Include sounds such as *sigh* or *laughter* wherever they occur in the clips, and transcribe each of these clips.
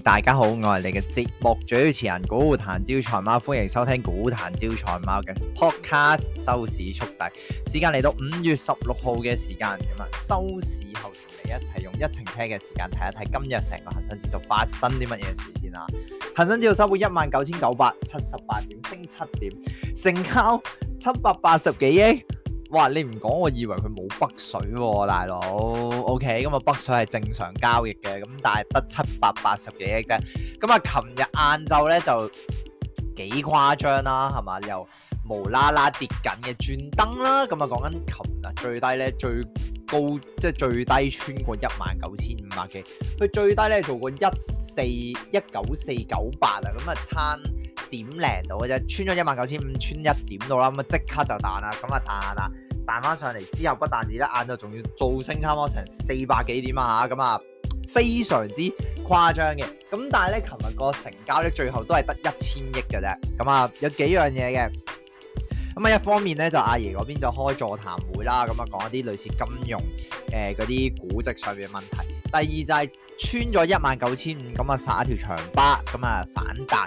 大家好，我係你嘅節目主持人股壇招財貓，歡迎收聽股壇招財貓嘅 podcast 收市速遞。時間嚟到五月十六號嘅時間，收市後同你一齊用一程車嘅時間睇一睇今日成個恒生指數發生啲乜嘢事先啦。恒生指數收報一萬九千九百七十八點，升七點，成交七百八十幾億。哇！你唔講，我以為佢冇北水喎，啊，大佬。OK，咁啊，北水係正常交易嘅，咁但係得七百八十幾億啫。咁啊，琴日晏晝咧就幾誇張啦，係嘛？又無啦啦跌緊嘅轉燈啦。咁啊，講緊琴日最低咧，最高即係最低穿過一萬九千五百幾。佢最低咧做過一四一九四九八啊，咁啊差點零度嘅啫，穿咗一萬九千五，穿一點到啦，咁啊即刻就彈啦，咁啊彈啊彈！彈翻上嚟之後，不但止啦，晏晝仲要做升差唔多成四百幾點啊！咁啊，非常之誇張嘅。咁但係咧，琴日個成交咧，最後都係得一千億嘅啫。咁、嗯、啊，有幾樣嘢嘅。咁、嗯、啊，一方面咧就阿爺嗰邊就開座談會啦，咁啊講一啲類似金融誒嗰啲估值上面嘅問題。第二就係穿咗、嗯、一萬九千五，咁啊殺一條長巴，咁、嗯、啊反彈。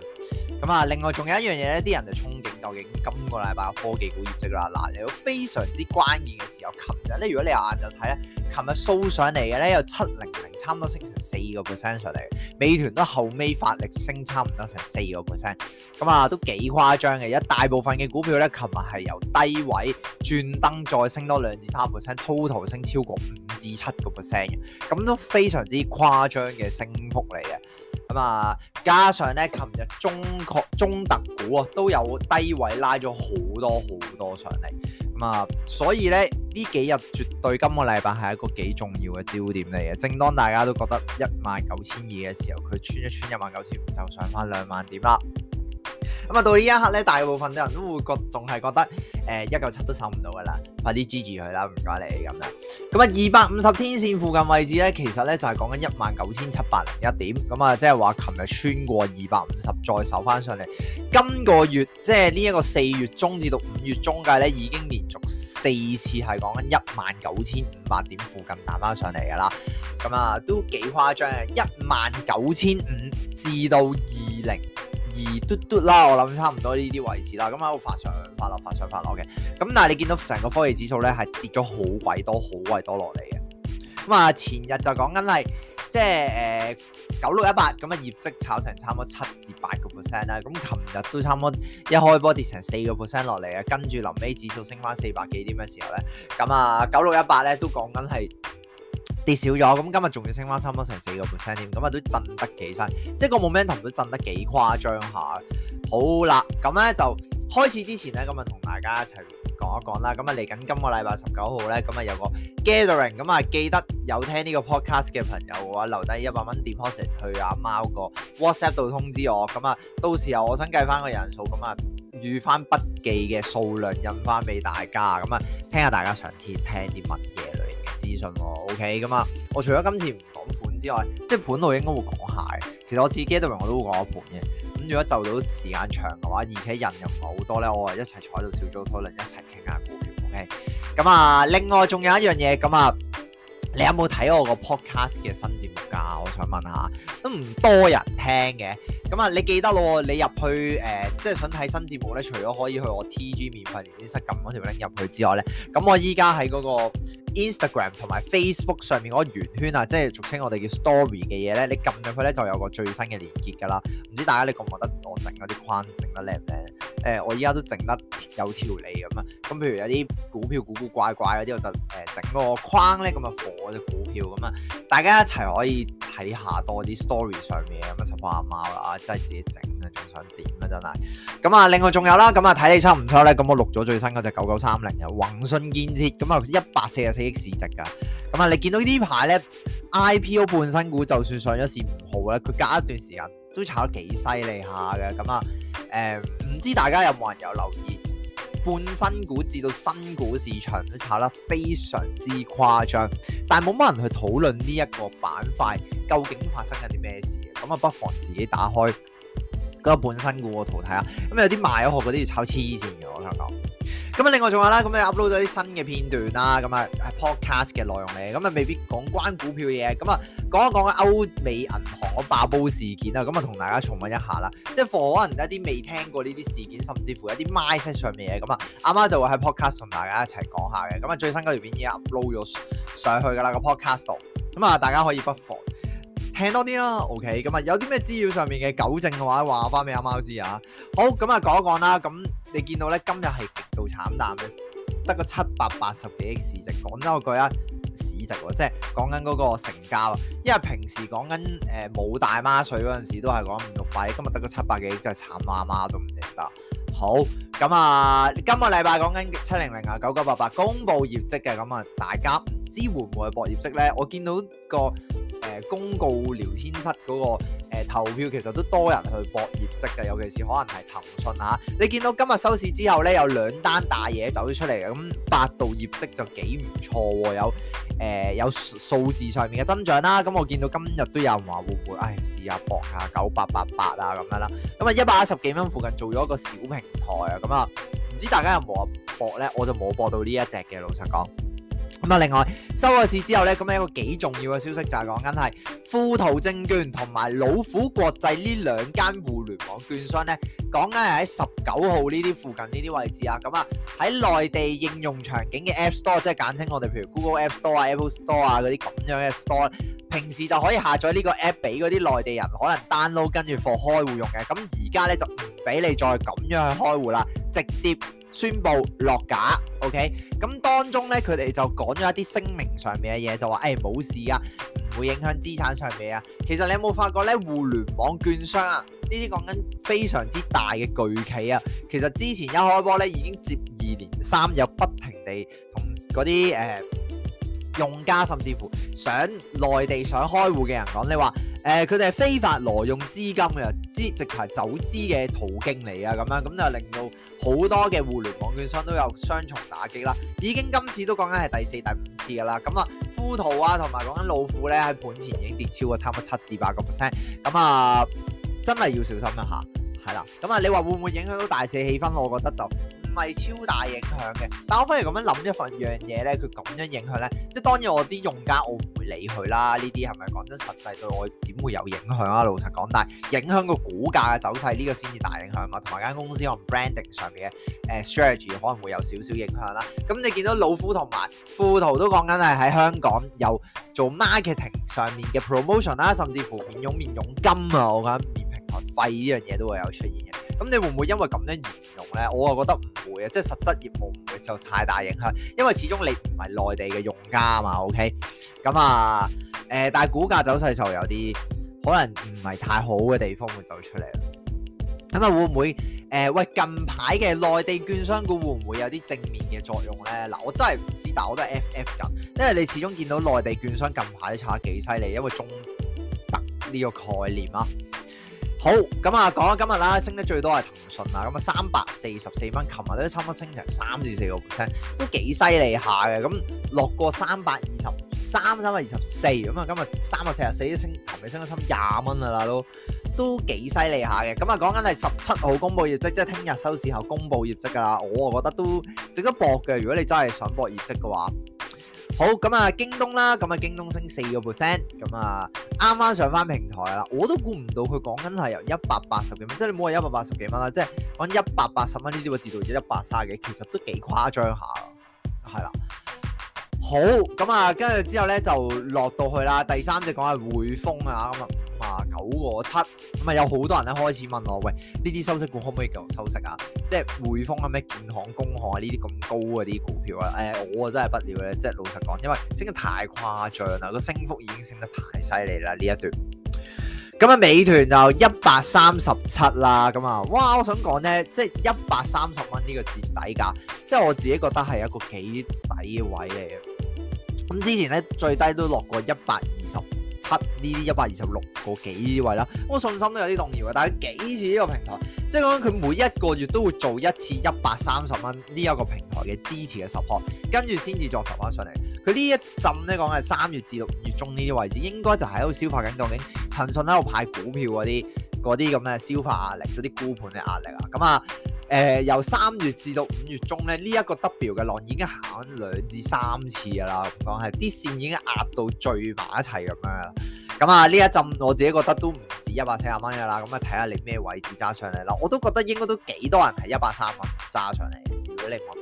咁啊，另外仲有一樣嘢咧，啲人就憧憬究竟今個禮拜科技股業績啦。嗱，你有非常之關鍵嘅時候，琴日咧，如果你晏晝睇咧，琴日收上嚟嘅咧，有七零零，差唔多升成四個 percent 上嚟。美團都後尾發力升差唔多成四個 percent，咁啊都幾誇張嘅。一大部分嘅股票咧，琴日係由低位轉燈，再升多兩至三 percent，total 升超過五至七個 percent 嘅，咁都非常之誇張嘅升幅嚟嘅。咁啊、嗯，加上咧，琴日中國中特股啊，都有低位拉咗好多好多上嚟。咁、嗯、啊、嗯，所以咧，呢幾日絕對今個禮拜係一個幾重要嘅焦點嚟嘅。正當大家都覺得一萬九千二嘅時候，佢穿一穿一萬九千五就上翻兩萬點啦。咁啊，到呢一刻咧，大部分啲人都會覺，仲係覺得，誒、呃，一九七都守唔到噶啦，快啲支持佢啦，唔該你咁樣。咁啊，二百五十天綫附近位置咧，其實咧就係講緊一萬九千七百零一點。咁啊，即係話琴日穿過二百五十，再守翻上嚟。今個月即係呢一個四月中至到五月中界咧，已經連續四次係講緊一萬九千五百點附近彈翻上嚟噶啦。咁啊，都幾誇張嘅，一萬九千五至到二零。而嘟嘟啦，我諗差唔多呢啲位置啦，咁喺度發上發落發上發落嘅。咁、嗯、但係你見到成個科技指數咧，係跌咗好鬼多好鬼多落嚟嘅。咁、嗯、啊，前日就講緊係即係誒九六一八咁啊業績炒成差唔多七至八個 percent 啦。咁琴日都差唔多一開波跌成四個 percent 落嚟啊，跟住臨尾指數升翻四百幾點嘅時候咧，咁啊九六一八咧都講緊係。跌少咗，咁今日仲要升翻差唔多成四個 percent 添，咁啊都震得幾犀，即係個 momentum 都震得幾誇張下。好啦，咁咧就開始之前咧，咁啊同大家一齊講一講啦。咁啊嚟緊今個禮拜十九號咧，咁啊有個 gathering，咁啊記得有聽呢個 podcast 嘅朋友嘅、啊、話，留低一百蚊 deposit 去阿、啊、貓個 WhatsApp 度通知我。咁啊到時候、啊、我想計翻個人數，咁啊預翻筆記嘅數量印翻俾大家，咁啊聽下大家想聽聽啲乜嘢。資訊喎，OK 咁啊，我除咗今次唔講盤之外，即係盤我應該會講鞋。其實我自己都，我都會講一盤嘅。咁如果就到時間長嘅話，而且人又唔係好多咧，我誒一齊坐到小組討論，一齊傾下股票，OK？咁啊，另外仲有一樣嘢，咁啊。你有冇睇我個 podcast 嘅新節目㗎、啊？我想問下，都唔多人聽嘅。咁啊，你記得咯？你入去誒、呃，即係想睇新節目咧，除咗可以去我 TG 免費連結室撳嗰條 link 入去之外咧，咁我依家喺嗰個 Instagram 同埋 Facebook 上面嗰個圓圈啊，即係俗稱我哋叫 story 嘅嘢咧，你撳入去咧就有個最新嘅連結㗎啦。唔知大家你覺唔覺得我整嗰啲框整得靚唔靚？誒、呃，我依家都整得有條理咁啊。咁譬如有啲。股票古古怪怪嗰啲，我就誒、呃、整個框咧，咁啊火隻股票咁啊，大家一齊可以睇下多啲 story 上面咁乜柒花貓啦，真係自己整啊，仲想點啊，真係。咁啊，另外仲有啦，咁啊睇你抽唔抽咧？咁我錄咗最新嗰隻九九三零嘅宏信建設，咁啊一百四十四億市值噶。咁啊，你見到呢啲牌咧 IPO 半新股，就算上咗市唔好咧，佢隔一段時間都炒得幾犀利下嘅。咁啊誒，唔、嗯、知大家有冇人有留意？半新股至到新股市場都炒得非常之誇張，但係冇乜人去討論呢一個板塊究竟發生緊啲咩事嘅，咁啊不妨自己打開嗰個半新股圖睇下，咁有啲賣咗殼嗰啲要炒黐線嘅，我想講。咁另外仲有啦，咁啊 upload 咗啲新嘅片段啦，咁啊 podcast 嘅內容嚟，咁啊未必講關股票嘢，咁啊講一講啊歐美銀行嘅爆煲事件啊，咁啊同大家重溫一下啦，即係 for 可能一啲未聽過呢啲事件，甚至乎一啲 mindset 上面嘢，咁啊阿媽就會喺 podcast 同大家一齊講下嘅，咁啊最新嗰條片已經 upload 咗上去噶啦個 podcast 度，咁啊大家可以不妨。輕多啲啦，OK，咁啊，有啲咩資料上面嘅糾正嘅話，話翻俾阿貓知啊。好，咁啊，講一講啦。咁你見到咧，今日係極度慘淡嘅，得個七百八十幾億市值。講真嗰句啊，市值喎，即係講緊嗰個成交。啊。因為平時講緊誒冇大媽水嗰陣時，都係講五六百億，今日得個七百幾億，真係慘啊！阿貓都唔認得。好，咁啊，今個禮拜講緊七零零啊，九九八八公布業績嘅，咁啊，大家唔知會唔會博業績咧？我見到個。公告聊天室嗰、那個誒、呃、投票，其實都多人去博業績嘅，尤其是可能係騰訊吓、啊。你見到今日收市之後咧，有兩單大嘢走咗出嚟，咁、嗯、百度業績就幾唔錯，有誒、呃、有數字上面嘅增長啦、啊。咁、嗯、我見到今日都有人話會唔會，唉、哎，試下博下九八八八啊咁樣啦。咁啊，一百一十幾蚊附近做咗個小平台啊。咁、嗯、啊，唔、嗯、知大家有冇博咧？我就冇博到呢一隻嘅，老實講。咁啊，另外收咗市之後咧，咁樣一個幾重要嘅消息就係講緊係富途證券同埋老虎國際呢兩間互聯網券商咧，講緊係喺十九號呢啲附近呢啲位置啊。咁、嗯、啊，喺內地應用場景嘅 App Store，即係簡稱我哋譬如 Google App Store 啊、Apple Store 啊嗰啲咁樣嘅 Store，平時就可以下載呢個 App 俾嗰啲內地人可能 download 跟住貨開戶用嘅。咁而家咧就唔俾你再咁樣去開戶啦，直接。宣布落架，OK，咁當中咧佢哋就講咗一啲聲明上面嘅嘢，就話誒冇事啊，唔會影響資產上面啊。其實你有冇發覺咧，互聯網券商啊，呢啲講緊非常之大嘅巨企啊，其實之前一開波咧已經接二連三又不停地同嗰啲誒。呃用家甚至乎想內地想開戶嘅人講，你話誒佢哋係非法挪用資金嘅，資直頭走資嘅途徑嚟啊！咁樣咁就令到好多嘅互聯網券商都有雙重打擊啦。已經今次都講緊係第四、第五次㗎啦。咁啊，富途啊同埋講緊老虎咧，喺盤前已經跌超過差唔多七至八個 percent。咁啊，真係要小心一下。係啦，咁啊，你話會唔會影響到大市氣氛？我覺得就～係超大影響嘅，但我不如咁樣諗一份樣嘢咧，佢咁樣影響咧，即係當然我啲用家我唔會理佢啦。呢啲係咪講真實際對我點會有影響啊？老實講，但係影響個股價嘅走勢呢個先至大影響啊。同埋間公司可能 branding 上面嘅誒、呃、strategy 可能會有少少影響啦。咁你見到老虎同埋富途都講緊係喺香港有做 marketing 上面嘅 promotion 啦，甚至乎免傭免傭金啊！我覺得免平台費呢樣嘢都會有出現嘅。咁你會唔會因為咁樣延用呢？我就覺得唔會啊，即係實質業務唔會受太大影響，因為始終你唔係內地嘅用家啊嘛，OK？咁啊誒，但係股價走勢就有啲可能唔係太好嘅地方會走出嚟。咁啊會唔會誒、呃，喂，近排嘅內地券商股會唔會有啲正面嘅作用呢？嗱，我真係唔知，但我都係 FF 緊，因為你始終見到內地券商近排都炒得幾犀利，因為中特呢個概念啊。好，咁、嗯、啊，講下今日啦，升得最多係騰訊啦，咁啊三百四十四蚊，琴日都差唔多升成三至四個 percent，都幾犀利下嘅，嗯。咁落過三百二十三，三百二十四，咁啊今日三百四十四都升，琴日升咗差廿蚊啊啦，都都幾犀利下嘅。咁啊講緊係十七號公佈業績，即係聽日收市後公佈業績噶啦，我啊覺得都值得搏嘅。如果你真係想搏業績嘅話。好咁啊、嗯，京東啦，咁啊京東升四個 percent，咁啊啱啱上翻平台啦，我都估唔到佢講緊係由一百八十幾蚊，即係你冇話一百八十幾蚊啦，即係講一百八十蚊呢啲會跌到至一百卅幾，其實都幾誇張下，係、嗯、啦。好，咁、嗯、啊，跟住之後咧就落到去啦，第三隻講係滙豐啊咁啊。嗯嗯啊九個七，咁啊、嗯、有好多人咧開始問我，喂，呢啲收息股可唔可以繼續收息啊？即係匯豐啊、咩，建行、工行啊呢啲咁高嗰啲股票啊？誒、欸，我真係不了咧，即係老實講，因為升得太誇張啦，個升幅已經升得太犀利啦呢一段。咁、嗯、啊，美團就一百三十七啦，咁、嗯、啊，哇！我想講呢，即係一百三十蚊呢個折底價，即、就、係、是、我自己覺得係一個幾抵嘅位嚟嘅。咁、嗯、之前呢，最低都落過一百二十。呢啲一百二十六個幾位啦，我信心都有啲動搖嘅。但係幾次呢個平台，即係講佢每一個月都會做一次一百三十蚊呢一個平台嘅支持嘅 support 跟住先至再浮翻上嚟。佢呢一浸咧，講係三月至六月中呢啲位置，應該就喺度消化緊，究竟騰訊喺度派股票嗰啲。嗰啲咁嘅消化壓力，嗰啲沽盤嘅壓力啊，咁啊，誒、呃、由三月至到五月中咧，呢、這、一個 W 嘅浪已經行兩至三次嘅啦，講係啲線已經壓到聚埋一齊咁樣。咁啊，呢一陣我自己覺得都唔止一百四十蚊嘅啦，咁啊睇下你咩位置揸上嚟啦，我都覺得應該都幾多人係一百三十蚊揸上嚟。如果你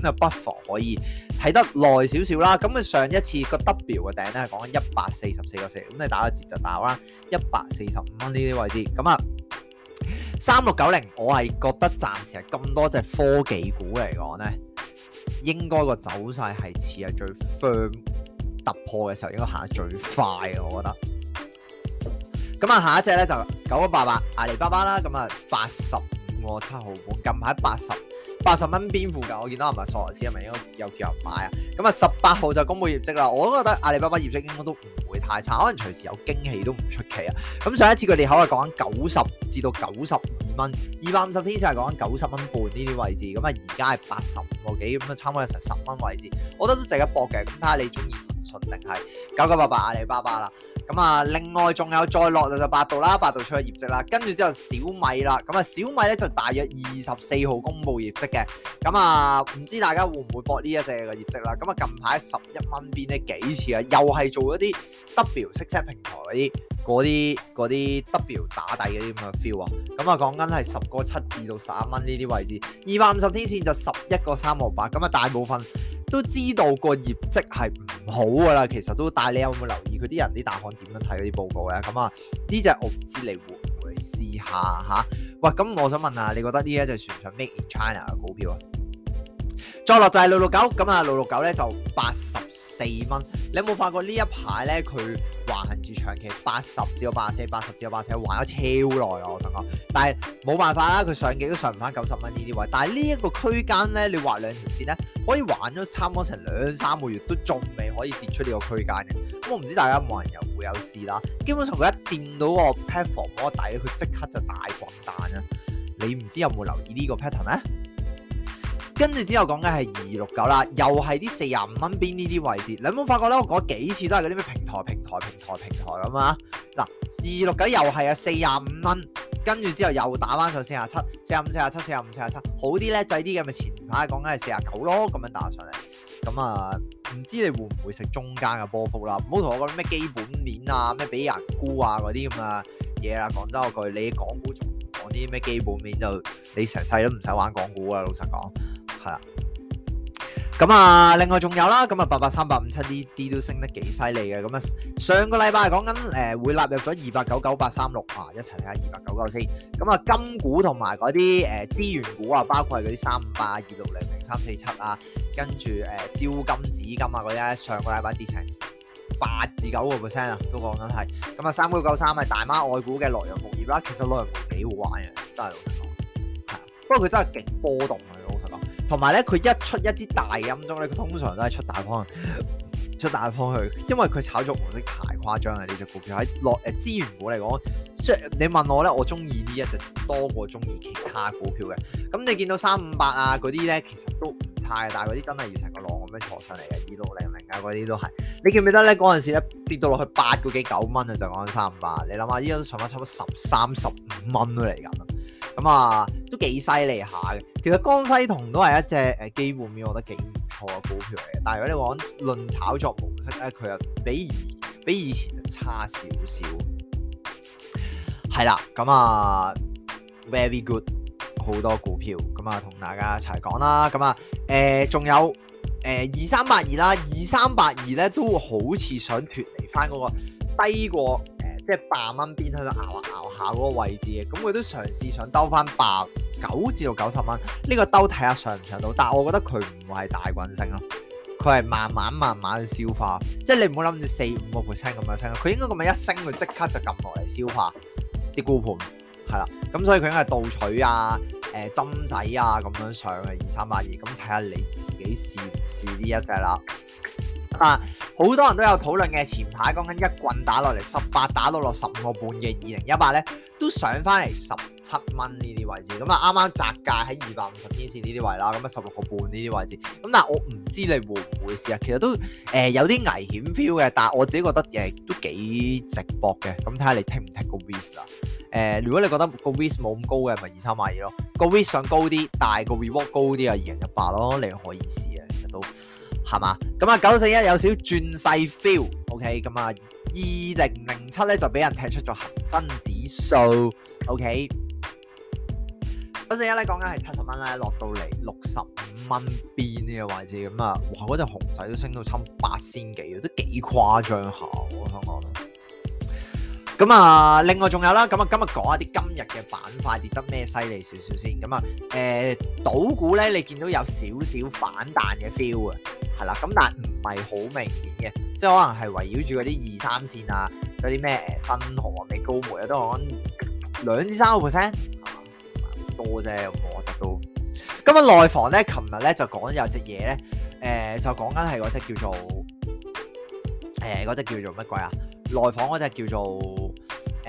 咁啊，不妨、er、可以睇得耐少少啦。咁啊，上一次個 W 嘅頂咧係講一百四十四個四，咁你打個折就打啦，一百四十五蚊呢啲位置。咁啊，三六九零，我係覺得暫時係咁多隻科技股嚟講咧，應該個走勢係似係最 firm 突破嘅時候，應該行得最快啊！我覺得。咁啊，下一隻咧就九九八八阿里巴巴啦。咁啊，八十五個七毫半，近排八十。八十蚊邊附近，我見到係咪索羅斯係咪應該有叫人買啊？咁啊，十八號就公布業績啦。我都覺得阿里巴巴業績應該都唔會太差，可能隨時有驚喜都唔出奇啊。咁上一次佢裂口係講緊九十至到九十二蚊，二百五十天線係講緊九十蚊半呢啲位置。咁啊，而家係八十五個幾，咁啊，差唔多有成十蚊位置。我覺得都值得搏嘅。咁睇下你中意騰訊定係九九八八阿里巴巴啦。咁啊，另外仲有再落就就百度啦，百度出嘅業績啦，跟住之後小米啦，咁啊小米呢就大約二十四號公布業績嘅，咁啊唔知大家會唔會博呢一隻嘅業績啦？咁啊近排十一蚊變咗幾次啊，又係做一啲 W 式車平台嗰啲嗰啲嗰啲 W 打底嘅咁嘅 feel 啊，咁啊講緊係十個七至到十一蚊呢啲位置，二百五十天線就十一個三毫八，咁啊大部分，都知道個業績係唔好㗎啦，其實都，但你有冇留意佢啲人啲大行點樣睇嗰啲報告咧？咁、嗯、啊，呢隻我唔知你會唔會試下吓、啊？喂，咁、嗯、我想問下，你覺得呢一隻算唔算 Make in China 嘅股票啊？再落就係六六九，咁啊六六九咧就八十四蚊。你有冇發覺呢一排呢？佢橫行住長期八十至到八四，八十至到八四，橫咗超耐啊！我想講，但係冇辦法啦，佢上嘅都上唔翻九十蚊呢啲位。但係呢一個區間呢，你畫兩條線呢，可以玩咗差唔多成兩三個月都仲未可以跌出呢個區間嘅。咁我唔知大家冇人又冇有試啦。基本上佢一掂到個 platform 底，佢即刻就大滾蛋啊！你唔知有冇留意個呢個 pattern 咧？跟住之後講緊係二六九啦，又係啲四廿五蚊邊呢啲位置，你有冇發覺咧？我講幾次都係嗰啲咩平台平台平台平台咁啊！嗱，二六九又係啊，四廿五蚊，跟住之後又打翻上四廿七、四廿五、四廿七、四廿五、四廿七，好啲叻仔啲嘅咪前排講緊係四廿九咯，咁樣打上嚟。咁、嗯、啊，唔知你會唔會食中間嘅波幅啦？唔好同我講咩基本面啊，咩俾人估啊嗰啲咁啊嘢啦。講真嗰句，你港股仲講啲咩基本面就你成世都唔使玩港股啊，老實講。咁啊，另外仲有啦，咁啊八八三八五七呢啲都升得幾犀利嘅，咁啊上個禮拜講緊誒會納入咗二百九九八三六啊，一齊睇下二百九九先，咁啊金股同埋嗰啲誒資源股啊，包括嗰啲三五八二六零零三四七啊，跟住誒招金紫金啊嗰啲，上個禮拜跌成八至九個 percent 啊，都講緊係，咁啊三九九三係大媽外股嘅洛陽鉬業啦，其實洛陽鉬幾好玩啊，真係，不過佢真係勁波動啊。同埋咧，佢一出一支大陰針咧，佢通常都係出大方向，出大方向去，因為佢炒作模式太誇張啊！呢隻股票喺落呃資源股嚟講，即係你問我咧，我中意呢一隻多過中意其他股票嘅。咁你見到三五八啊嗰啲咧，其實都唔差嘅。但係嗰啲真係要成個浪咁樣坐上嚟嘅，二六零零啊嗰啲都係。你記唔記得咧嗰陣時咧跌到落去八個幾九蚊啊？就講三五八，你諗下依家都上翻差唔多十三十五蚊都嚟緊。咁啊，都幾犀利下嘅。其實江西銅都係一隻誒基本面，我覺得幾唔錯嘅股票嚟嘅。但係如果你講論炒作模式咧，佢、啊、又比以比以前就差少少。係啦，咁啊，very good 好多股票，咁啊同大家一齊講、啊呃呃、啦。咁啊，誒仲有誒二三八二啦，二三八二咧都好似想脫離返嗰個低過。即係八蚊邊喺度熬下咬嗰個位置嘅，咁佢都嘗試想兜翻八九至到九十蚊，呢、這個兜睇下上唔上到，但係我覺得佢唔會係大滾升咯，佢係慢慢慢慢消化，即、就、係、是、你唔好諗住四五個 percent 咁樣升，佢應該咁樣一升佢即刻就撳落嚟消化啲沽盤，係啦，咁所以佢應該係盜取啊，誒、呃、針仔啊咁樣上嘅二三百二，咁睇下你自己試唔試呢一隻啦。啊，好 *noise* 多人都有討論嘅前排講緊一棍打落嚟，十八打到落十五個半嘅二零一八咧，都上翻嚟十七蚊呢啲位置，咁啊啱啱窄價喺二百五十天線呢啲位啦，咁啊十六個半呢啲位置，咁但係我唔知你會唔會試啊，其實都誒有啲危險 feel 嘅，但係我自己覺得誒都幾直博嘅，咁睇下你剔唔剔個 risk 啦。誒，如果你覺得個 risk 冇咁高嘅，咪二三萬二咯。個 risk 想高啲，但係個 reward 高啲啊，二零一八咯，你可以試啊，其實都。係嘛？咁啊，九四一有少轉勢 feel，OK？咁啊，二零零七咧就俾人踢出咗恒生指數，OK？九四一咧講緊係七十蚊咧，落到嚟六十五蚊邊呢個位置，咁啊，哇！嗰隻熊仔都升到差唔多八千幾，都幾誇張下。咁、嗯、啊，另外仲有啦，咁啊，今日講下啲今日嘅板塊跌得咩犀利少少先，咁啊，誒，賭股咧，你見到有少少反彈嘅 feel 啊，係啦，咁但係唔係好明顯嘅，即係可能係圍繞住嗰啲二三線啊，嗰啲咩誒新濠啊、美高梅啊，都可能兩至三個 percent，多啫，我覺得都。咁、嗯、啊。內房咧，琴日咧就講有隻嘢咧，誒，就講緊係嗰隻叫做，誒、欸，嗰隻叫做乜鬼啊？內房嗰隻叫做。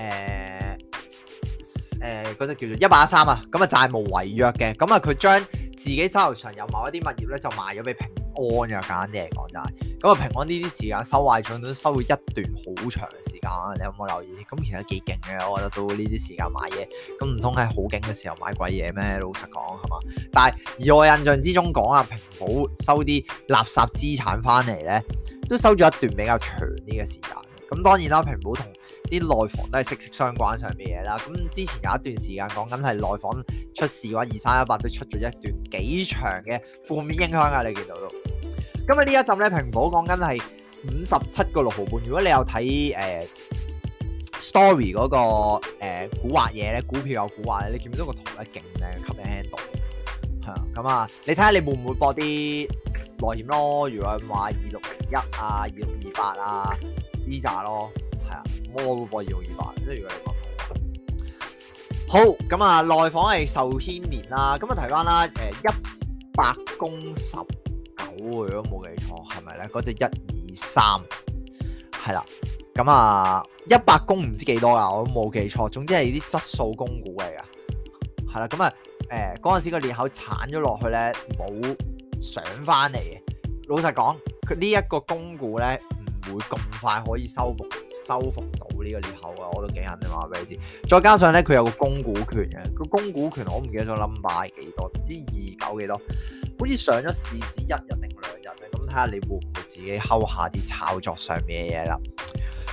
誒誒，嗰隻、呃呃那個、叫做一碼三一百三啊，咁啊債務違約嘅，咁啊佢將自己手頭上有某一啲物業咧就賣咗俾平安嘅，簡單啲嚟講就係、是，咁啊平安呢啲時間收壞賬都收咗一段好長嘅時間，你有冇留意？咁其實幾勁嘅，我覺得都呢啲時間買嘢，咁唔通係好勁嘅時候買鬼嘢咩？老實講，係嘛，但係而我印象之中講啊，平保收啲垃圾資產翻嚟咧，都收咗一段比較長啲嘅時間，咁當然啦，平保同。啲內房都係息息相關上面嘅嘢啦，咁之前有一段時間講緊係內房出事嘅話，二三一八都出咗一段幾長嘅負面影響啊。你見到都，咁啊呢一浸咧，平保講緊係五十七個六毫半。如果你有睇誒 story 嗰、那個、呃、古惑嘢咧，股票有古惑咧，你見到個圖咧勁靚，吸引 handle 嚇。咁啊，你睇下你會唔會博啲內險咯？如果話二六零一啊，二六二八啊，呢紮咯。係啊，摩摩二毫即如果嚟講好咁啊，內房係受牽連啦。咁啊，提翻啦，誒、嗯，一、嗯、百公十九，如果冇記錯係咪咧？嗰隻一二三係啦，咁啊，一百公唔知幾多啦，我都冇記錯。總之係啲質素供股嚟噶，係啦，咁、嗯、啊，誒、呃，嗰陣時個裂口鏟咗落去咧，冇上翻嚟嘅。老實講，佢呢一個供股咧，唔會咁快可以收復。收復到呢個裂口啊，我都幾肯定話俾你知，再加上咧，佢有個供股權嘅，個供股權，我唔記得咗 number 幾多，唔知二九幾多，好似上咗市只一日定兩日咧。咁睇下你會唔會自己睺下啲炒作上面嘅嘢啦。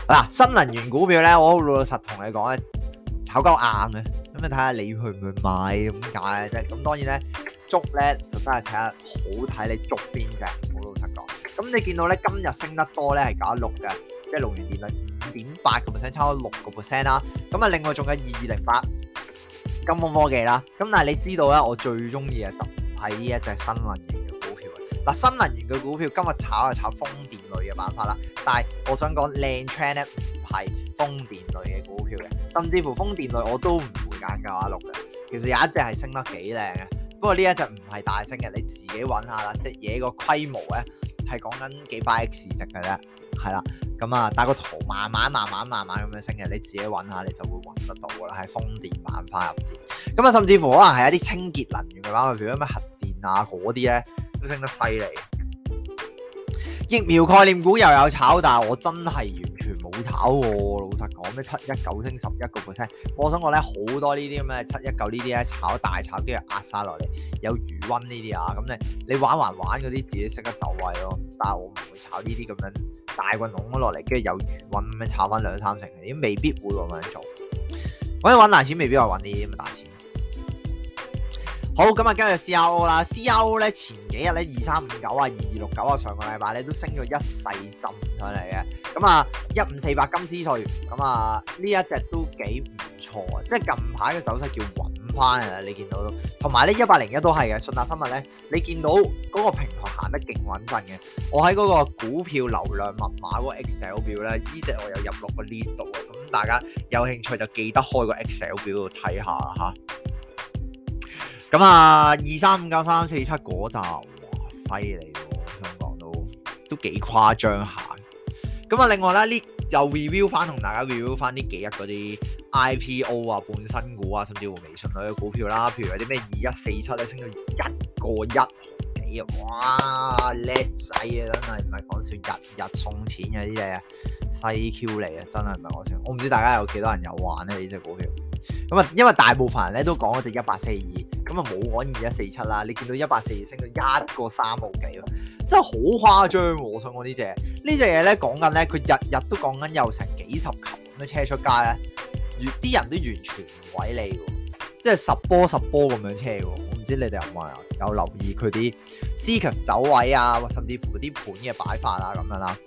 嗱、啊，新能源股票咧，我老老實同你講咧、欸，炒夠硬嘅咁，你睇下你去唔去買咁解啫。咁當然咧，捉咧就真係睇下，好睇你捉邊隻。好老實講，咁你見到咧，今日升得多咧係九一六嘅，即係龍源電力。點八個 percent，差咗六個 percent 啦，咁啊，另外仲有二二零八金風科技啦，咁但係你知道咧，我最中意啊，就唔係呢一隻新能源嘅股票嘅。嗱，新能源嘅股票今日炒就炒風電類嘅板塊啦，但係我想講靚 trn 咧，唔係風電類嘅股票嘅，甚至乎風電類我都唔會揀九啊六嘅。其實有一隻係升得幾靚嘅，不過呢一隻唔係大升嘅，你自己揾下啦，隻嘢個規模咧係講緊幾百億市值嘅啫，係啦。咁啊，但個圖慢慢、慢慢、慢慢咁樣升嘅，你自己揾下，你就會揾得到噶啦。喺風電板塊入邊，咁啊，甚至乎可能係一啲清潔能源嘅板，譬如咩核電啊嗰啲咧，都升得犀利。疫苗概念股又有炒，但係我真係完全冇炒喎。老實講，咩七一九升十一個 percent，我想講咧，好多呢啲咁嘅七一九呢啲咧炒大炒，跟住壓晒落嚟，有餘温呢啲啊。咁你，你玩還玩嗰啲自己識得走位咯，但係我唔會炒呢啲咁樣。大個窿咁落嚟，跟住有餘溫咁樣炒翻兩三成，啲未必會咁樣做。我哋揾大錢未必話揾呢啲咁嘅大錢。好，咁啊跟住 CRO 啦，CRO 咧前幾日咧二三五九啊，二二六九啊，上個禮拜咧都升咗一細浸上嚟嘅。咁啊一五四八金斯瑞，咁啊呢一隻都幾唔錯啊，即係近排嘅走勢叫翻啊！你見到都，同埋咧一百零一都係嘅。信達生物咧，你見到嗰個平台行得勁穩陣嘅。我喺嗰個股票流量密碼嗰個 Excel 表咧，呢隻我有入落個 list 度啊。咁大家有興趣就記得開個 Excel 表度睇下嚇。咁啊，二三五九三四七嗰隻，哇，犀利喎！香港都都幾誇張下。咁啊，另外咧，你。就 review 翻同大家 review 翻呢幾日嗰啲 IPO 啊、半新股啊，甚至乎微信類嘅股票啦，譬如有啲咩二一四七咧升到一個一幾啊，哇叻仔啊，真係唔係講笑，日日送錢嘅呢隻西 Q 嚟啊，真係唔係講笑，我唔知大家有幾多人有玩咧呢隻股票，咁啊，因為大部分人咧都講嗰隻一百四二。咁啊冇按二一四七啦，你見到一百四升到一個三毫幾喎，真係好誇張，啊、我想講呢隻呢隻嘢咧，講緊咧佢日日都講緊有成幾十級咁嘅車出街咧，啲人都完全唔鬼理喎，即係十波十波咁樣車喎。我唔知你哋有冇有，有留意佢啲 s e 走位啊，甚至乎嗰啲盤嘅擺法啊咁樣啦。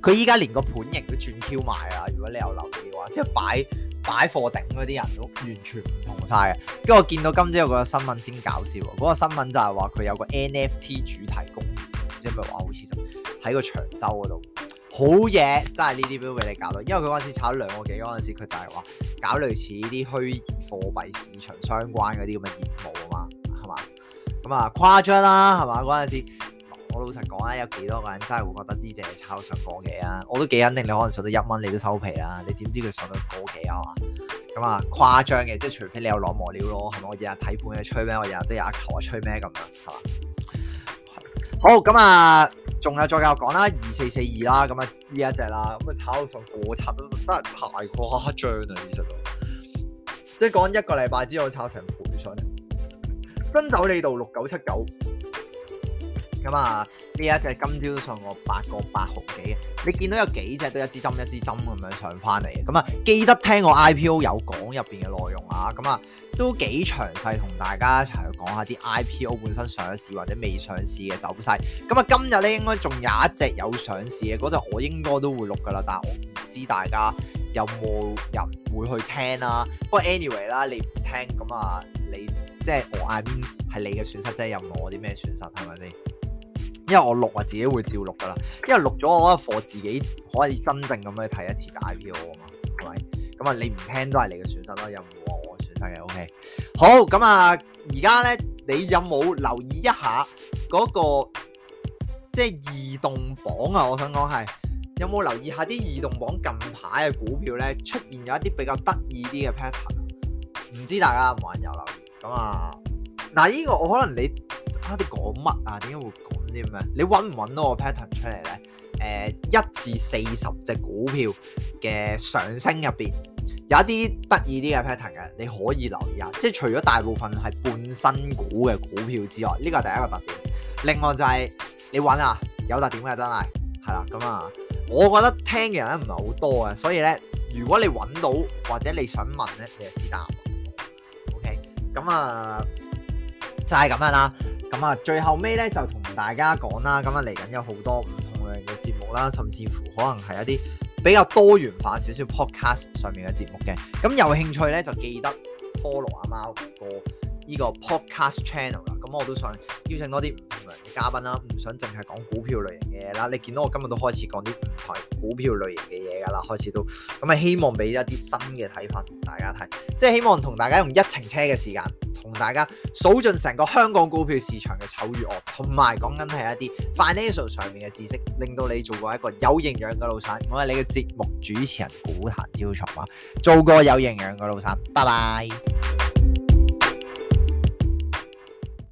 佢依家連個盤型都轉 Q 埋啦，如果你有留意嘅話，即係擺。擺貨頂嗰啲人都完全唔同晒嘅，跟住我見到今朝有個新聞先搞笑喎，嗰個新聞就係話佢有個 NFT 主題公園，即係咪話好似就喺個長洲嗰度？好嘢，真係呢啲表俾你搞到，因為佢嗰陣時炒兩個幾嗰陣時，佢就係話搞類似啲虛擬貨幣市場相關嗰啲咁嘅業務啊嘛，係嘛？咁啊，誇張啦，係嘛？嗰陣時。老實講啦，有幾多個人真係會覺得呢隻係抄上過期啊？我都幾肯定，你可能上到一蚊，你都收皮啦。你點知佢上到過幾啊？嘛咁啊誇張嘅，即係除非你有攞磨料咯，係咪？我日日睇盤嘅，吹咩？我日日都有阿球啊，吹咩咁樣係嘛？好咁啊，仲有再繼續講啦，二四四二啦，咁啊呢一隻啦，咁啊炒上過七，真係太誇張啦！其實即係講一個禮拜之後炒成倍上，跟走你度六九七九。咁啊，呢、嗯、一隻今朝上我八個八個八毫幾啊，你見到有幾隻都一支針一支針咁樣上翻嚟嘅。咁、嗯、啊，記得聽我 IPO 有講入邊嘅內容啊。咁、嗯、啊、嗯，都幾詳細，同大家一齊講下啲 IPO 本身上市或者未上市嘅走勢。咁、嗯、啊、嗯，今日咧應該仲有一隻有上市嘅嗰陣，隻我應該都會錄噶啦，但係我唔知大家有冇入會去聽啦、啊。不過 anyway 啦，你唔聽咁啊，你即係我嗌邊係你嘅損失，即係有冇啲咩損失係咪先？因為我錄啊，自己會照錄㗎喇。因為錄咗我嗰一課，自己可以真正咁樣睇一次大票啊嘛，係咪？咁、okay. 啊，你唔聽都係你嘅選擇啦，又唔話我選擇嘅。OK，好咁啊，而家咧，你有冇留意一下嗰、那個即係、就是、移動榜啊？我想講係有冇留意下啲移動榜近排嘅股票咧，出現有一啲比較得意啲嘅 pattern？唔知大家有冇留意咁啊？嗱，呢個我可能你啱啲講乜啊？點解會？啲咩？你搵唔搵到個 pattern 出嚟咧？誒，一至四十隻股票嘅上升入邊，有一啲得意啲嘅 pattern 嘅，你可以留意下。即係除咗大部分係半新股嘅股票之外，呢個係第一個特點。另外就係你搵啊，有特點嘅真係係啦。咁啊，我覺得聽嘅人咧唔係好多嘅，所以咧，如果你搵到或者你想問咧，你就私答。OK，咁啊，就係咁樣啦。咁啊，最後尾咧就。大家講啦，咁啊嚟緊有好多唔同類嘅節目啦，甚至乎可能係一啲比較多元化少少 podcast 上面嘅節目嘅。咁有興趣咧，就記得 follow 阿、啊、貓個呢個 podcast channel 啦。咁我都想邀請多啲唔同類嘅嘉賓啦，唔想淨係講股票類型嘅嘢啦。你見到我今日都開始講啲唔係股票類型嘅嘢㗎啦，開始都咁啊，希望俾一啲新嘅睇法同大家睇，即係希望同大家用一程車嘅時間。同大家數盡成個香港股票市場嘅醜與惡，同埋講緊係一啲 financial 上面嘅知識，令到你做過一個有營養嘅老散。我係你嘅節目主持人股壇招財貓，做個有營養嘅老散，拜拜。